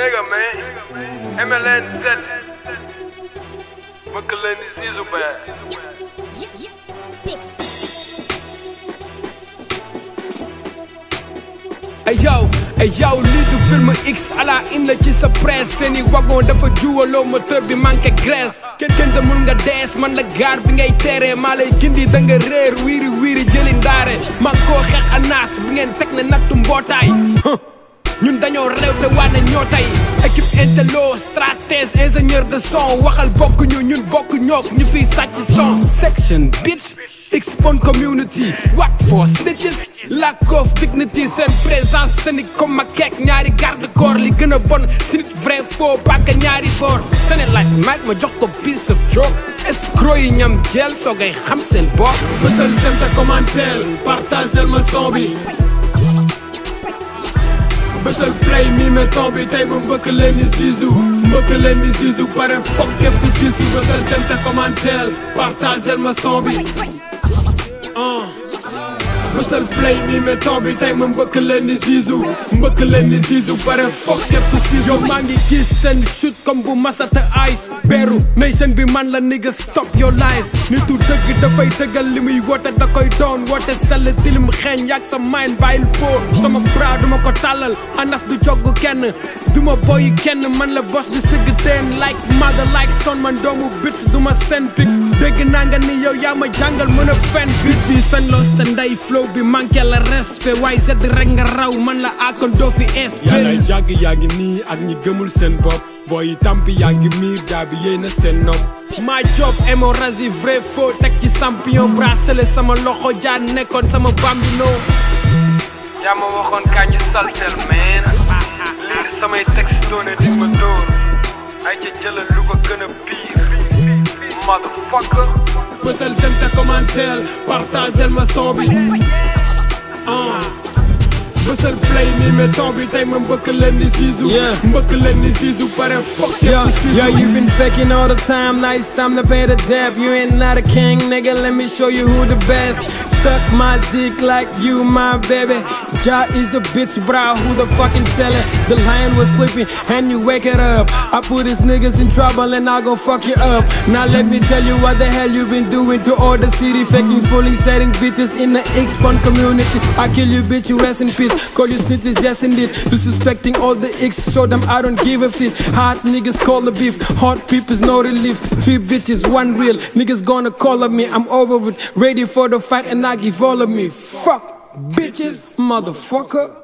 Nigga, man. MLN Z. film X ala im la ci sa presse seeni wagon dafa juwaloo moteur bi manqué graisse kenn kenn demul nga dees man la gaar bi ngay tere maa lay gindi da nga réer wiiri wiiri man koo xeex anaas bi ngeen teg ne nattu mbootaay ñun dañoo réew waane ñoo tey équipe intello stratège ingénieur de son waxal bokk ñu ñun bokk ñook ñu fi sàcc son section bitch expon community what for snitches lack of dignity seen présence seeni comme ma ñaari garde corps li gën a bon si vrai faux bàkka ñaari boor sene laaj maag ma jox ko piece of joke escro yi ñam jeel soo xam seen bopp mësal sem ta commentel partagel ma son bësal play mi ma tombé tey bu mbëkk leen ni siisu mbëkk leen ni siisu pare foog képp siisu bësal seen te commentaire partagel ma son bi musal play mi mais temps bi tey ma mbëkk leen ni Zizou mbëkk leen ni Zizou bare foog képp Zizou yow maa ngi gis seen chute comme bu masa te ice beeru nation bi man la nigga stop your lies nitu dëgg dafay dëggal li muy woote da koy doon woote sell tilim xeeñ yàgg sa mind bàyyil foo sama bras duma ko tàllal anas du jogg kenn duma boyi kenn man la bos di sëgg teen like mother like son man doomu bits duma seen pic dégg naa nga ni yow yaa ma jàngal mën a fen bit bi fen loo sa ndey flow bi manqué la respect waaye sedd rek nga raw man la akon doo fi espé yaa ngay jàgg yaa ngi nii ak ñi gëmul seen bopp booy tampi yaa ngi miir daa bi yéy na seen nopp ma job hémorragie vrai faux teg ci champion bracelet sama loxo jaa nekkoon sama bambino yaa ma waxoon kaa ñu saltel meen liir samay texte doone di ma dóor ay ca jëlal lu ko gën a motherfucker. Bësal j'aime te commentel partagel ma son bi. tey ah. ma mbëkk leen ni siisu. mbëkk leen ni siisu pare fuck e yeah. Yo, you've been faking all the time, now time to pay the debt. You ain't not a king, nigga, let me show you who the best. Suck my dick like you, my baby. Ja is a bitch, bro. Who the fucking selling? The lion was sleeping and you wake it up. I put these niggas in trouble and I gon' fuck you up. Now let me tell you what the hell you been doing to all the city. Faking, fully setting bitches in the X-Pon community. I kill you, bitch, you rest in peace. Call you snitches, yes indeed. Disrespecting all the X, show I don't give a shit. Hot niggas call the beef, hot people's no relief. Three bitches, one real. Niggas gonna call bitches, motherfucker.